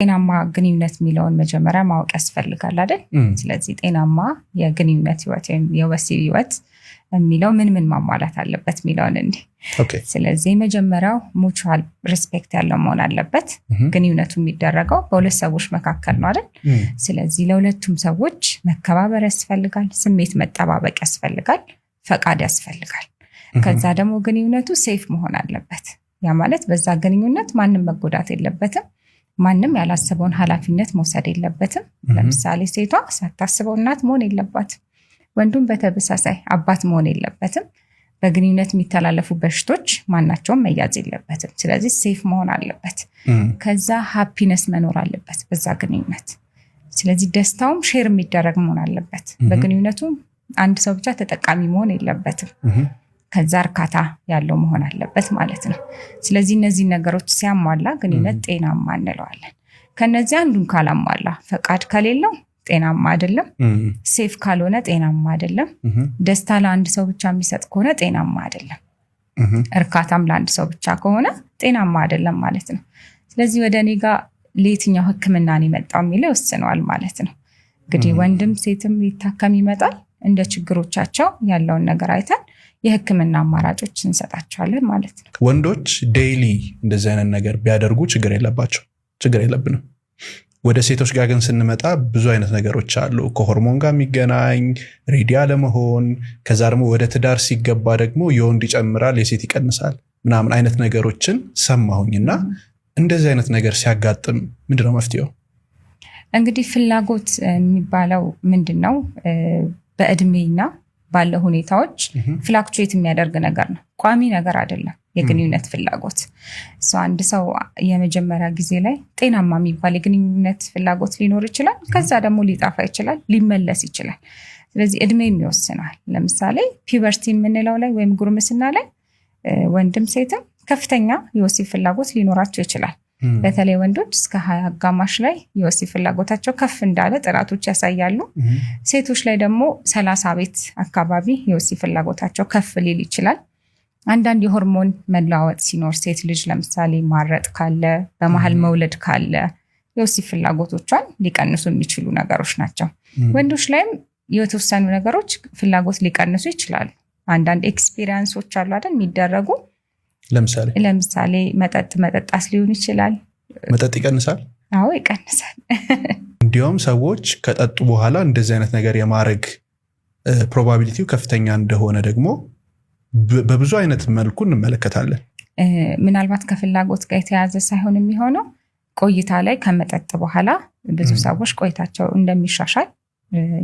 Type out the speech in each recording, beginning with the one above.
ጤናማ ግንኙነት የሚለውን መጀመሪያ ማወቅ ያስፈልጋል አይደል? ስለዚህ ጤናማ የግንኙነት ህይወት ወይም የወሲብ ህይወት የሚለው ምን ምን ማሟላት አለበት የሚለውን እንዲ ስለዚህ መጀመሪያው ሙቹዋል ሪስፔክት ያለው መሆን አለበት። ግንኙነቱ የሚደረገው በሁለት ሰዎች መካከል ነው አይደል? ስለዚህ ለሁለቱም ሰዎች መከባበር ያስፈልጋል፣ ስሜት መጠባበቅ ያስፈልጋል፣ ፈቃድ ያስፈልጋል። ከዛ ደግሞ ግንኙነቱ ሴፍ መሆን አለበት። ያ ማለት በዛ ግንኙነት ማንም መጎዳት የለበትም። ማንም ያላሰበውን ኃላፊነት መውሰድ የለበትም። ለምሳሌ ሴቷ ሳታስበው እናት መሆን የለባትም። ወንዱም በተመሳሳይ አባት መሆን የለበትም። በግንኙነት የሚተላለፉ በሽቶች ማናቸውም መያዝ የለበትም። ስለዚህ ሴፍ መሆን አለበት። ከዛ ሀፒነስ መኖር አለበት በዛ ግንኙነት። ስለዚህ ደስታውም ሼር የሚደረግ መሆን አለበት። በግንኙነቱ አንድ ሰው ብቻ ተጠቃሚ መሆን የለበትም። ከዛ እርካታ ያለው መሆን አለበት ማለት ነው። ስለዚህ እነዚህ ነገሮች ሲያሟላ ግንኙነት ጤናማ እንለዋለን። ከነዚህ አንዱን ካላሟላ ፈቃድ ከሌለው ጤናማ አይደለም። ሴፍ ካልሆነ ጤናማ አይደለም። ደስታ ለአንድ ሰው ብቻ የሚሰጥ ከሆነ ጤናማ አይደለም። እርካታም ለአንድ ሰው ብቻ ከሆነ ጤናማ አይደለም ማለት ነው። ስለዚህ ወደ እኔ ጋር ለየትኛው ሕክምና ነው የመጣው የሚለው ይወስነዋል ማለት ነው። እንግዲህ ወንድም ሴትም ሊታከም ይመጣል። እንደ ችግሮቻቸው ያለውን ነገር አይተን የህክምና አማራጮች እንሰጣቸዋለን ማለት ነው። ወንዶች ዴይሊ እንደዚህ አይነት ነገር ቢያደርጉ ችግር የለባቸው፣ ችግር የለብንም። ወደ ሴቶች ጋር ግን ስንመጣ ብዙ አይነት ነገሮች አሉ። ከሆርሞን ጋር የሚገናኝ ሬዲ አለመሆን፣ ከዛ ደግሞ ወደ ትዳር ሲገባ ደግሞ የወንድ ይጨምራል የሴት ይቀንሳል ምናምን አይነት ነገሮችን ሰማሁኝና እንደዚህ አይነት ነገር ሲያጋጥም ምንድነው መፍትሄው? እንግዲህ ፍላጎት የሚባለው ምንድን ነው? በእድሜና ባለ ሁኔታዎች ፍላክቹዌት የሚያደርግ ነገር ነው። ቋሚ ነገር አይደለም። የግንኙነት ፍላጎት አንድ ሰው የመጀመሪያ ጊዜ ላይ ጤናማ የሚባል የግንኙነት ፍላጎት ሊኖር ይችላል። ከዛ ደግሞ ሊጣፋ ይችላል፣ ሊመለስ ይችላል። ስለዚህ እድሜም ይወስናል። ለምሳሌ ፒበርቲ የምንለው ላይ ወይም ጉርምስና ላይ ወንድም ሴትም ከፍተኛ የወሲብ ፍላጎት ሊኖራቸው ይችላል። በተለይ ወንዶች እስከ ሀያ አጋማሽ ላይ የወሲብ ፍላጎታቸው ከፍ እንዳለ ጥናቶች ያሳያሉ። ሴቶች ላይ ደግሞ ሰላሳ ቤት አካባቢ የወሲብ ፍላጎታቸው ከፍ ሊል ይችላል። አንዳንድ የሆርሞን መለዋወጥ ሲኖር ሴት ልጅ ለምሳሌ ማረጥ ካለ፣ በመሀል መውለድ ካለ የወሲብ ፍላጎቶቿን ሊቀንሱ የሚችሉ ነገሮች ናቸው። ወንዶች ላይም የተወሰኑ ነገሮች ፍላጎት ሊቀንሱ ይችላሉ። አንዳንድ ኤክስፒሪየንሶች አሉ አይደል የሚደረጉ ለምሳሌ ለምሳሌ መጠጥ መጠጣስ ሊሆን ይችላል። መጠጥ ይቀንሳል? አዎ ይቀንሳል። እንዲሁም ሰዎች ከጠጡ በኋላ እንደዚህ አይነት ነገር የማድረግ ፕሮባቢሊቲው ከፍተኛ እንደሆነ ደግሞ በብዙ አይነት መልኩ እንመለከታለን። ምናልባት ከፍላጎት ጋር የተያዘ ሳይሆን የሚሆነው ቆይታ ላይ ከመጠጥ በኋላ ብዙ ሰዎች ቆይታቸው እንደሚሻሻል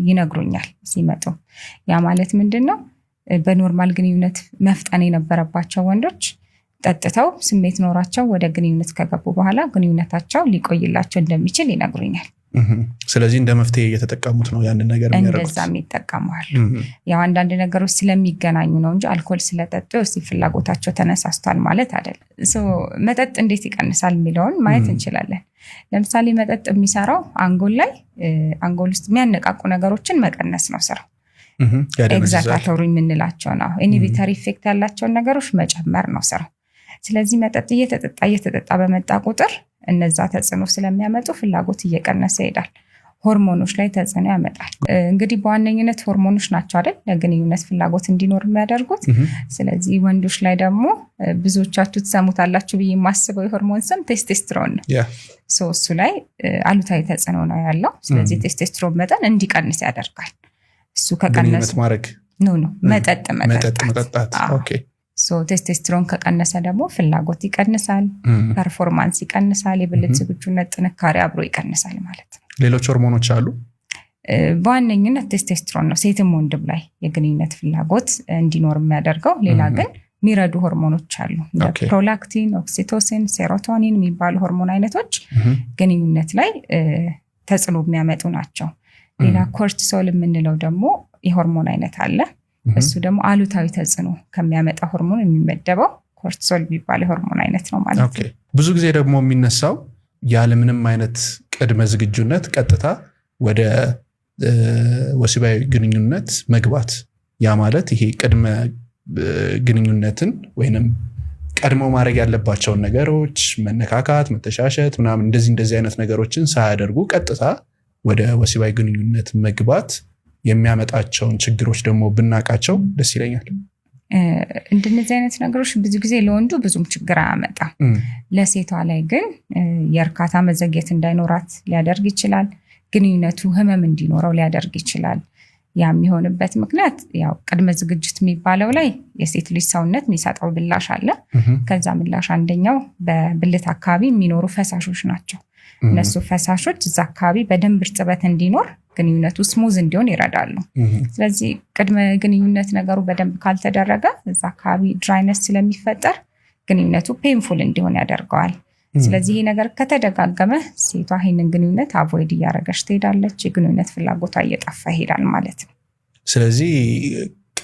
ይነግሩኛል ሲመጡ። ያ ማለት ምንድን ነው? በኖርማል ግንኙነት መፍጠን የነበረባቸው ወንዶች ጠጥተው ስሜት ኖሯቸው ወደ ግንኙነት ከገቡ በኋላ ግንኙነታቸው ሊቆይላቸው እንደሚችል ይነግሩኛል። ስለዚህ እንደ መፍትሄ እየተጠቀሙት ነው ያንን ነገር እንደዛም ይጠቀመዋል። ያው አንዳንድ ነገሮች ስለሚገናኙ ነው እንጂ አልኮል ስለጠጡ ስ ፍላጎታቸው ተነሳስቷል ማለት አይደለም። መጠጥ እንዴት ይቀንሳል የሚለውን ማየት እንችላለን። ለምሳሌ መጠጥ የሚሰራው አንጎል ላይ አንጎል ውስጥ የሚያነቃቁ ነገሮችን መቀነስ ነው ስራው። ኤግዛይታቶሪ የምንላቸው ነው ኢኒቪተሪ ኢፌክት ያላቸውን ነገሮች መጨመር ነው ስራው። ስለዚህ መጠጥ እየተጠጣ እየተጠጣ በመጣ ቁጥር እነዛ ተጽዕኖ ስለሚያመጡ ፍላጎት እየቀነሰ ይሄዳል። ሆርሞኖች ላይ ተጽዕኖ ያመጣል። እንግዲህ በዋነኝነት ሆርሞኖች ናቸው አይደል ለግንኙነት ፍላጎት እንዲኖር የሚያደርጉት። ስለዚህ ወንዶች ላይ ደግሞ ብዙዎቻችሁ ትሰሙታላችሁ ብዬ የማስበው የሆርሞን ስም ቴስቴስትሮን ነው። እሱ ላይ አሉታዊ ተጽዕኖ ነው ያለው። ስለዚህ ቴስቴስትሮን መጠን እንዲቀንስ ያደርጋል። እሱ ከቀነሱ ማድረግ ነው ነው መጠጥ መጠጣት ቴስቴስትሮን ከቀነሰ ደግሞ ፍላጎት ይቀንሳል፣ ፐርፎርማንስ ይቀንሳል፣ የብልት ዝግጁነት ጥንካሬ አብሮ ይቀንሳል ማለት ነው። ሌሎች ሆርሞኖች አሉ። በዋነኝነት ቴስቴስትሮን ነው ሴትም ወንድም ላይ የግንኙነት ፍላጎት እንዲኖር የሚያደርገው። ሌላ ግን የሚረዱ ሆርሞኖች አሉ ፕሮላክቲን፣ ኦክሲቶሲን፣ ሴሮቶኒን የሚባሉ ሆርሞን አይነቶች ግንኙነት ላይ ተጽዕኖ የሚያመጡ ናቸው። ሌላ ኮርቲሶል የምንለው ደግሞ የሆርሞን አይነት አለ። እሱ ደግሞ አሉታዊ ተጽዕኖ ከሚያመጣ ሆርሞን የሚመደበው ኮርቲሶል የሚባል የሆርሞን አይነት ነው ማለት ነው። ብዙ ጊዜ ደግሞ የሚነሳው ያለምንም አይነት ቅድመ ዝግጁነት ቀጥታ ወደ ወሲባዊ ግንኙነት መግባት፣ ያ ማለት ይሄ ቅድመ ግንኙነትን ወይንም ቀድሞ ማድረግ ያለባቸውን ነገሮች መነካካት፣ መተሻሸት ምናምን እንደዚህ እንደዚህ አይነት ነገሮችን ሳያደርጉ ቀጥታ ወደ ወሲባዊ ግንኙነት መግባት የሚያመጣቸውን ችግሮች ደግሞ ብናቃቸው ደስ ይለኛል። እንደነዚህ አይነት ነገሮች ብዙ ጊዜ ለወንዱ ብዙም ችግር አያመጣም። ለሴቷ ላይ ግን የእርካታ መዘግየት እንዳይኖራት ሊያደርግ ይችላል። ግንኙነቱ ህመም እንዲኖረው ሊያደርግ ይችላል። ያ የሚሆንበት ምክንያት ያው ቅድመ ዝግጅት የሚባለው ላይ የሴት ልጅ ሰውነት የሚሰጠው ምላሽ አለ። ከዛ ምላሽ አንደኛው በብልት አካባቢ የሚኖሩ ፈሳሾች ናቸው። እነሱ ፈሳሾች እዛ አካባቢ በደንብ እርጥበት እንዲኖር ግንኙነቱ ስሙዝ እንዲሆን ይረዳሉ። ስለዚህ ቅድመ ግንኙነት ነገሩ በደንብ ካልተደረገ እዛ አካባቢ ድራይነስ ስለሚፈጠር ግንኙነቱ ፔንፉል እንዲሆን ያደርገዋል። ስለዚህ ይህ ነገር ከተደጋገመ ሴቷ ይህንን ግንኙነት አቮይድ እያደረገች ትሄዳለች። የግንኙነት ፍላጎቷ እየጠፋ ይሄዳል ማለት ነው። ስለዚህ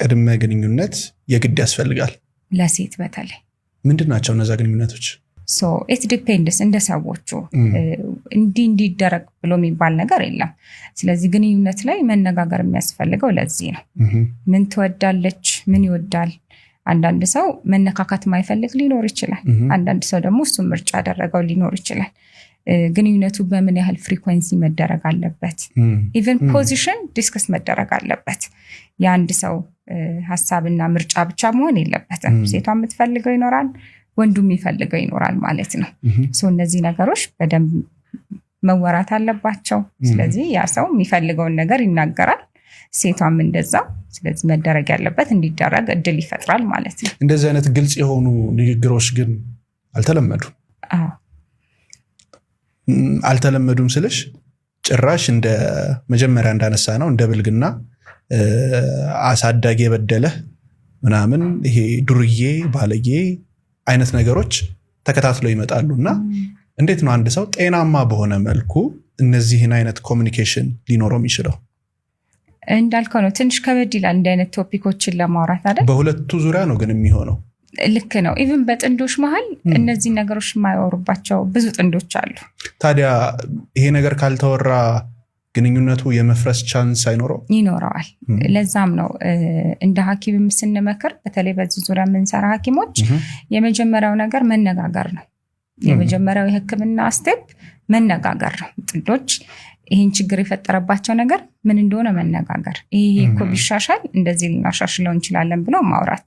ቅድመ ግንኙነት የግድ ያስፈልጋል ለሴት በተለይ ምንድን ናቸው እነዛ ግንኙነቶች? ኢት ዲፔንድስ እንደ ሰዎቹ እንዲህ እንዲደረግ ብሎ የሚባል ነገር የለም። ስለዚህ ግንኙነት ላይ መነጋገር የሚያስፈልገው ለዚህ ነው። ምን ትወዳለች? ምን ይወዳል? አንዳንድ ሰው መነካካት ማይፈልግ ሊኖር ይችላል። አንዳንድ ሰው ደግሞ እሱ ምርጫ ያደረገው ሊኖር ይችላል። ግንኙነቱ በምን ያህል ፍሪኮንሲ መደረግ አለበት? ኢቨን ፖዚሽን ዲስክስ መደረግ አለበት። የአንድ ሰው ሀሳብና ምርጫ ብቻ መሆን የለበትም። ሴቷ የምትፈልገው ይኖራል ወንዱ የሚፈልገው ይኖራል ማለት ነው። እነዚህ ነገሮች በደንብ መወራት አለባቸው። ስለዚህ ያ ሰው የሚፈልገውን ነገር ይናገራል፣ ሴቷም እንደዛው። ስለዚህ መደረግ ያለበት እንዲደረግ እድል ይፈጥራል ማለት ነው። እንደዚህ አይነት ግልጽ የሆኑ ንግግሮች ግን አልተለመዱም። አልተለመዱም ስልሽ ጭራሽ እንደ መጀመሪያ እንዳነሳ ነው እንደ ብልግና አሳዳጊ የበደለህ ምናምን ይሄ ዱርዬ ባለጌ አይነት ነገሮች ተከታትለው ይመጣሉ እና እንዴት ነው አንድ ሰው ጤናማ በሆነ መልኩ እነዚህን አይነት ኮሚኒኬሽን ሊኖረው የሚችለው? እንዳልከው ነው ትንሽ ከበድ ይላል እንዲህ አይነት ቶፒኮችን ለማውራት አይደል? በሁለቱ ዙሪያ ነው ግን የሚሆነው። ልክ ነው። ኢቭን በጥንዶች መሀል እነዚህን ነገሮች የማያወሩባቸው ብዙ ጥንዶች አሉ። ታዲያ ይሄ ነገር ካልተወራ ግንኙነቱ የመፍረስ ቻንስ አይኖረው ይኖረዋል። ለዛም ነው እንደ ሐኪምም ስንመክር በተለይ በዚህ ዙሪያ የምንሰራ ሐኪሞች የመጀመሪያው ነገር መነጋገር ነው። የመጀመሪያው የህክምና ስቴፕ መነጋገር ነው። ጥንዶች ይህን ችግር የፈጠረባቸው ነገር ምን እንደሆነ መነጋገር፣ ይሄ እኮ ቢሻሻል እንደዚህ ልናሻሽለው እንችላለን ብለው ማውራት።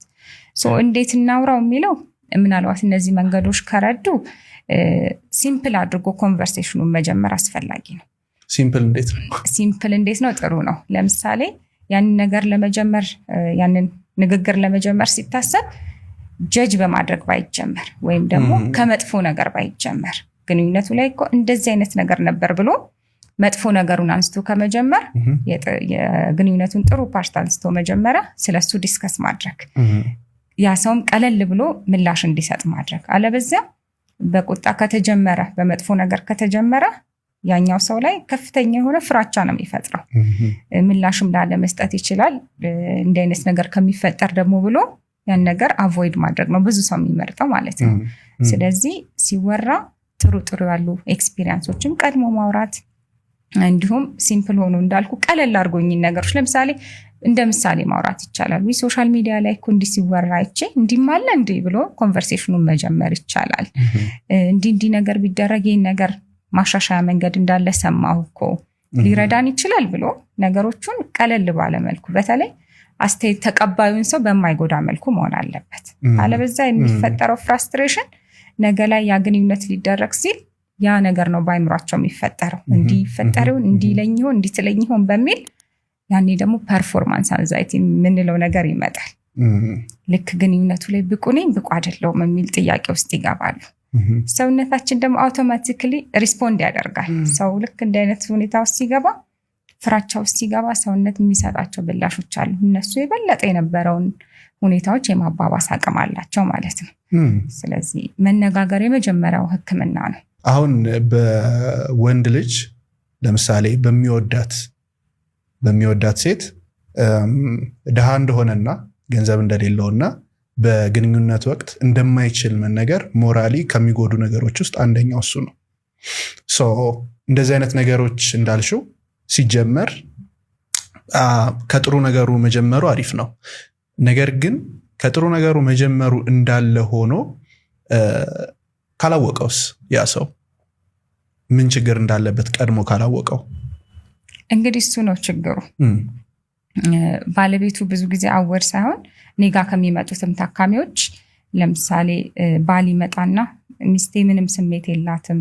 እንዴት እናውራው የሚለው ምናልባት እነዚህ መንገዶች ከረዱ ሲምፕል አድርጎ ኮንቨርሴሽኑን መጀመር አስፈላጊ ነው። ሲምፕል እንዴት ነው? ሲምፕል እንዴት ነው? ጥሩ ነው። ለምሳሌ ያንን ነገር ለመጀመር ያንን ንግግር ለመጀመር ሲታሰብ ጀጅ በማድረግ ባይጀመር ወይም ደግሞ ከመጥፎ ነገር ባይጀመር ግንኙነቱ ላይ እኮ እንደዚህ አይነት ነገር ነበር ብሎ መጥፎ ነገሩን አንስቶ ከመጀመር የግንኙነቱን ጥሩ ፓርት አንስቶ መጀመሪያ ስለሱ ዲስከስ ማድረግ ያ ሰውም ቀለል ብሎ ምላሽ እንዲሰጥ ማድረግ። አለበዚያ በቁጣ ከተጀመረ በመጥፎ ነገር ከተጀመረ ያኛው ሰው ላይ ከፍተኛ የሆነ ፍራቻ ነው የሚፈጥረው። ምላሽም ላለመስጠት ይችላል። እንዲህ አይነት ነገር ከሚፈጠር ደግሞ ብሎ ያን ነገር አቮይድ ማድረግ ነው ብዙ ሰው የሚመርጠው ማለት ነው። ስለዚህ ሲወራ ጥሩ ጥሩ ያሉ ኤክስፒሪያንሶችን ቀድሞ ማውራት እንዲሁም ሲምፕል ሆኖ እንዳልኩ ቀለል አድርጎኝን ነገሮች ለምሳሌ እንደ ምሳሌ ማውራት ይቻላል። ወይ ሶሻል ሚዲያ ላይ እኮ እንዲህ ሲወራ ይቼ እንዲማለ እንዲህ ብሎ ኮንቨርሴሽኑን መጀመር ይቻላል። እንዲህ እንዲህ ነገር ቢደረግ ይህን ነገር ማሻሻያ መንገድ እንዳለ ሰማሁ እኮ ሊረዳን ይችላል ብሎ ነገሮቹን ቀለል ባለ መልኩ በተለይ አስተያየት ተቀባዩን ሰው በማይጎዳ መልኩ መሆን አለበት። አለበዛ የሚፈጠረው ፍራስትሬሽን ነገ ላይ ያ ግንኙነት ሊደረግ ሲል ያ ነገር ነው በአይምሯቸው የሚፈጠረው። እንዲህ ይፈጠር ይሆን እንዲህ ይለኝ ይሆን እንዲህ ትለኝ ይሆን በሚል ያኔ ደግሞ ፐርፎርማንስ አንዛይቲ የምንለው ነገር ይመጣል። ልክ ግንኙነቱ ላይ ብቁ ነኝ ብቁ አይደለሁም የሚል ጥያቄ ውስጥ ይገባሉ። Mm-hmm. ሰውነታችን ደግሞ አውቶማቲክሊ ሪስፖንድ ያደርጋል። mm-hmm. ሰው ልክ እንደ አይነት ሁኔታ ውስጥ ሲገባ፣ ፍራቻ ውስጥ ሲገባ ሰውነት የሚሰጣቸው ብላሾች አሉ። እነሱ የበለጠ የነበረውን ሁኔታዎች የማባባስ አቅም አላቸው ማለት ነው። mm-hmm. ስለዚህ መነጋገር የመጀመሪያው ሕክምና ነው። አሁን በወንድ ልጅ ለምሳሌ በሚወዳት በሚወዳት ሴት ድሃ እንደሆነና ገንዘብ እንደሌለውና በግንኙነት ወቅት እንደማይችል መነገር ሞራሊ ከሚጎዱ ነገሮች ውስጥ አንደኛው እሱ ነው። እንደዚህ አይነት ነገሮች እንዳልሽው ሲጀመር ከጥሩ ነገሩ መጀመሩ አሪፍ ነው። ነገር ግን ከጥሩ ነገሩ መጀመሩ እንዳለ ሆኖ ካላወቀውስ ያ ሰው ምን ችግር እንዳለበት ቀድሞ ካላወቀው እንግዲህ እሱ ነው ችግሩ። ባለቤቱ ብዙ ጊዜ አወር ሳይሆን ኔጋ ከሚመጡትም ታካሚዎች ለምሳሌ ባል ይመጣና ሚስቴ ምንም ስሜት የላትም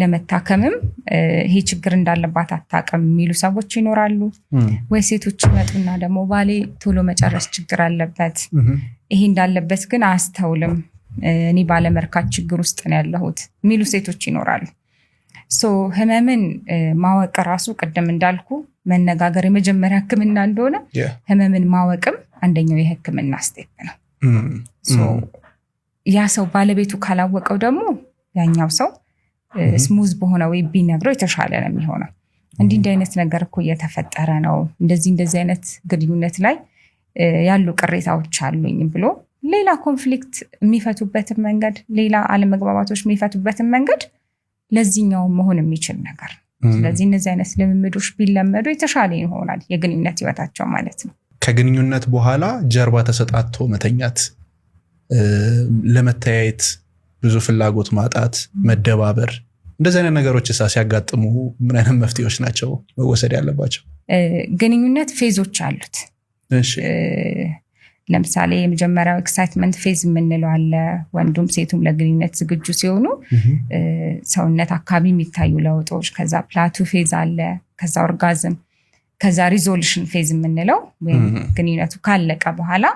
ለመታከምም ይሄ ችግር እንዳለባት አታውቅም የሚሉ ሰዎች ይኖራሉ። ወይ ሴቶች ይመጡና ደግሞ ባሌ ቶሎ መጨረስ ችግር አለበት፣ ይሄ እንዳለበት ግን አያስተውልም፣ እኔ ባለመርካት ችግር ውስጥ ነው ያለሁት የሚሉ ሴቶች ይኖራሉ። ህመምን ማወቅ ራሱ ቅድም እንዳልኩ መነጋገር የመጀመሪያ ህክምና እንደሆነ ህመምን ማወቅም አንደኛው የህክምና ስቴፕ ነው። mm. Mm. ያ ሰው ባለቤቱ ካላወቀው ደግሞ ያኛው ሰው mm-hmm. ስሙዝ በሆነ ወይ ቢነግረው የተሻለ ነው የሚሆነው። እንዲህ እንዲህ አይነት ነገር እኮ እየተፈጠረ ነው፣ እንደዚህ እንደዚህ አይነት ግንኙነት ላይ ያሉ ቅሬታዎች አሉኝ ብሎ ሌላ ኮንፍሊክት የሚፈቱበትን መንገድ፣ ሌላ አለመግባባቶች የሚፈቱበትን መንገድ ለዚህኛው መሆን የሚችል ነገር ስለዚህ እነዚህ አይነት ልምምዶች ቢለመዱ የተሻለ ይሆናል፣ የግንኙነት ህይወታቸው ማለት ነው። ከግንኙነት በኋላ ጀርባ ተሰጣቶ መተኛት፣ ለመተያየት ብዙ ፍላጎት ማጣት፣ መደባበር እንደዚህ አይነት ነገሮች እሳ ሲያጋጥሙ ምን አይነት መፍትሄዎች ናቸው መወሰድ ያለባቸው? ግንኙነት ፌዞች አሉት። ለምሳሌ የመጀመሪያው ኤክሳይትመንት ፌዝ የምንለው አለ። ወንዱም ሴቱም ለግንኙነት ዝግጁ ሲሆኑ ሰውነት አካባቢ የሚታዩ ለውጦች፣ ከዛ ፕላቱ ፌዝ አለ፣ ከዛ ኦርጋዝም፣ ከዛ ሪዞሉሽን ፌዝ የምንለው ወይም ግንኙነቱ ካለቀ በኋላ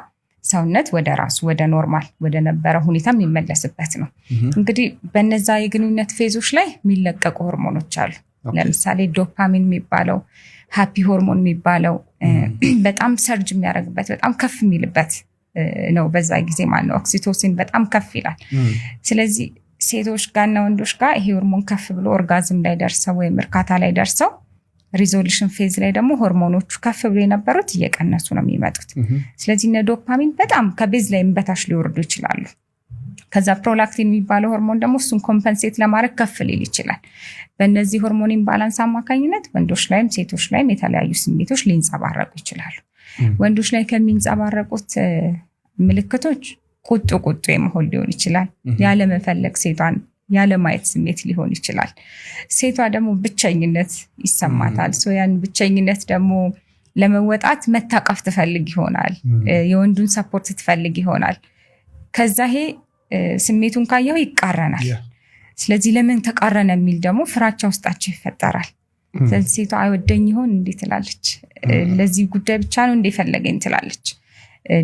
ሰውነት ወደ ራሱ ወደ ኖርማል ወደ ነበረ ሁኔታ የሚመለስበት ነው። እንግዲህ በነዛ የግንኙነት ፌዞች ላይ የሚለቀቁ ሆርሞኖች አሉ። ለምሳሌ ዶፓሚን የሚባለው ሃፒ ሆርሞን የሚባለው በጣም ሰርጅ የሚያደርግበት በጣም ከፍ የሚልበት ነው። በዛ ጊዜ ማለት ነው ኦክሲቶሲን በጣም ከፍ ይላል። ስለዚህ ሴቶች ጋርና ወንዶች ጋር ይሄ ሆርሞን ከፍ ብሎ ኦርጋዝም ላይ ደርሰው ወይም እርካታ ላይ ደርሰው ሪዞሉሽን ፌዝ ላይ ደግሞ ሆርሞኖቹ ከፍ ብሎ የነበሩት እየቀነሱ ነው የሚመጡት። ስለዚህ እነ ዶፓሚን በጣም ከቤዝ ላይም በታች ሊወርዱ ይችላሉ። ከዛ ፕሮላክቲን የሚባለው ሆርሞን ደግሞ እሱን ኮምፐንሴት ለማድረግ ከፍ ሊል ይችላል። በእነዚህ ሆርሞን ኢምባላንስ አማካኝነት ወንዶች ላይም ሴቶች ላይም የተለያዩ ስሜቶች ሊንጸባረቁ ይችላሉ። ወንዶች ላይ ከሚንጸባረቁት ምልክቶች ቁጡ ቁጡ የመሆን ሊሆን ይችላል። ያለመፈለግ ሴቷን ያለማየት ስሜት ሊሆን ይችላል። ሴቷ ደግሞ ብቸኝነት ይሰማታል። ያን ብቸኝነት ደግሞ ለመወጣት መታቀፍ ትፈልግ ይሆናል። የወንዱን ሰፖርት ትፈልግ ይሆናል። ከዛ ይሄ ስሜቱን ካየው ይቃረናል። ስለዚህ ለምን ተቃረነ የሚል ደግሞ ፍራቻ ውስጣቸው ይፈጠራል። ስለዚህ ሴቷ አይወደኝ ይሆን እንዴ ትላለች። ለዚህ ጉዳይ ብቻ ነው እንዴ ፈለገኝ ትላለች።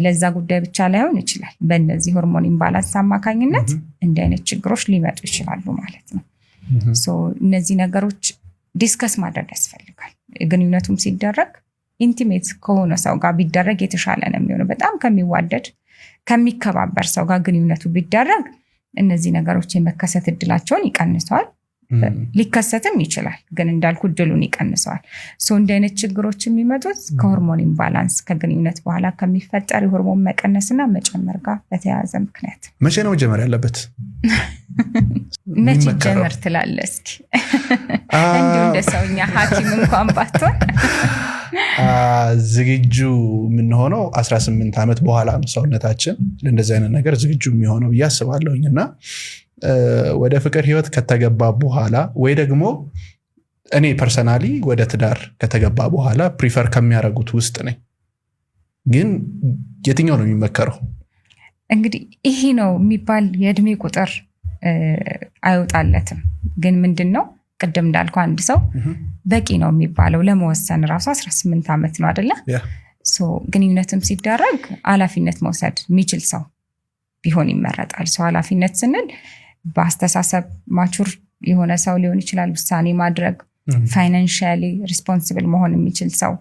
ለዛ ጉዳይ ብቻ ላይሆን ይችላል። በእነዚህ ሆርሞን ኢምባላንስ አማካኝነት እንዲህ አይነት ችግሮች ሊመጡ ይችላሉ ማለት ነው። እነዚህ ነገሮች ዲስከስ ማድረግ ያስፈልጋል። ግንኙነቱም ሲደረግ ኢንቲሜት ከሆነ ሰው ጋር ቢደረግ የተሻለ ነው የሚሆነው በጣም ከሚዋደድ ከሚከባበር ሰው ጋር ግንኙነቱ ቢደረግ እነዚህ ነገሮች የመከሰት እድላቸውን ይቀንሰዋል። ሊከሰትም ይችላል፣ ግን እንዳልኩ እድሉን ይቀንሰዋል። እንዲህ አይነት ችግሮች የሚመጡት ከሆርሞን ኢምባላንስ ከግንኙነት በኋላ ከሚፈጠር የሆርሞን መቀነስና መጨመር ጋር በተያያዘ ምክንያት። መቼ ነው መጀመር ያለበት? መቼ ጀመር ትላለህ? እስኪ እንዲሁ እንደ ሰውኛ ሐኪም እንኳን ባትሆን ዝግጁ የምንሆነው 18 ዓመት በኋላ ነው። ሰውነታችን ለእንደዚህ አይነት ነገር ዝግጁ የሚሆነው ብዬ አስባለሁኝ እና ወደ ፍቅር ህይወት ከተገባ በኋላ ወይ ደግሞ እኔ ፐርሰናሊ ወደ ትዳር ከተገባ በኋላ ፕሪፈር ከሚያደርጉት ውስጥ ነኝ። ግን የትኛው ነው የሚመከረው? እንግዲህ ይሄ ነው የሚባል የእድሜ ቁጥር አይወጣለትም። ግን ምንድን ነው ቅድም እንዳልኩ አንድ ሰው በቂ ነው የሚባለው ለመወሰን ራሱ 18 ዓመት ነው አደለ? ግንኙነትም ሲደረግ ኃላፊነት መውሰድ የሚችል ሰው ቢሆን ይመረጣል። ሰው ኃላፊነት ስንል በአስተሳሰብ ማቹር የሆነ ሰው ሊሆን ይችላል፣ ውሳኔ ማድረግ፣ ፋይናንሽሊ ሪስፖንስብል መሆን የሚችል ሰው።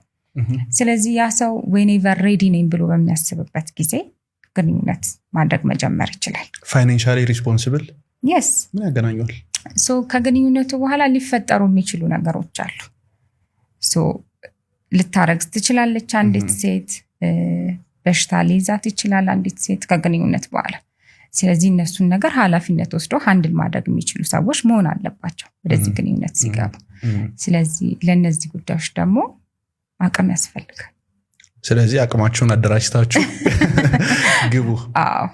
ስለዚህ ያ ሰው ዌኔቨር ሬዲ ነኝ ብሎ በሚያስብበት ጊዜ ግንኙነት ማድረግ መጀመር ይችላል። ፋይናንሽሊ ሪስፖንስብል የስ ምን ያገናኘዋል? ከግንኙነቱ በኋላ ሊፈጠሩ የሚችሉ ነገሮች አሉ። ልታረግዝ ትችላለች አንዲት ሴት፣ በሽታ ሊይዛት ይችላል አንዲት ሴት ከግንኙነት በኋላ። ስለዚህ እነሱን ነገር ኃላፊነት ወስዶ ሀንድል ማድረግ የሚችሉ ሰዎች መሆን አለባቸው ወደዚህ ግንኙነት ሲገቡ። ስለዚህ ለእነዚህ ጉዳዮች ደግሞ አቅም ያስፈልጋል። ስለዚህ አቅማችሁን አደራጅታችሁ ግቡ። አዎ።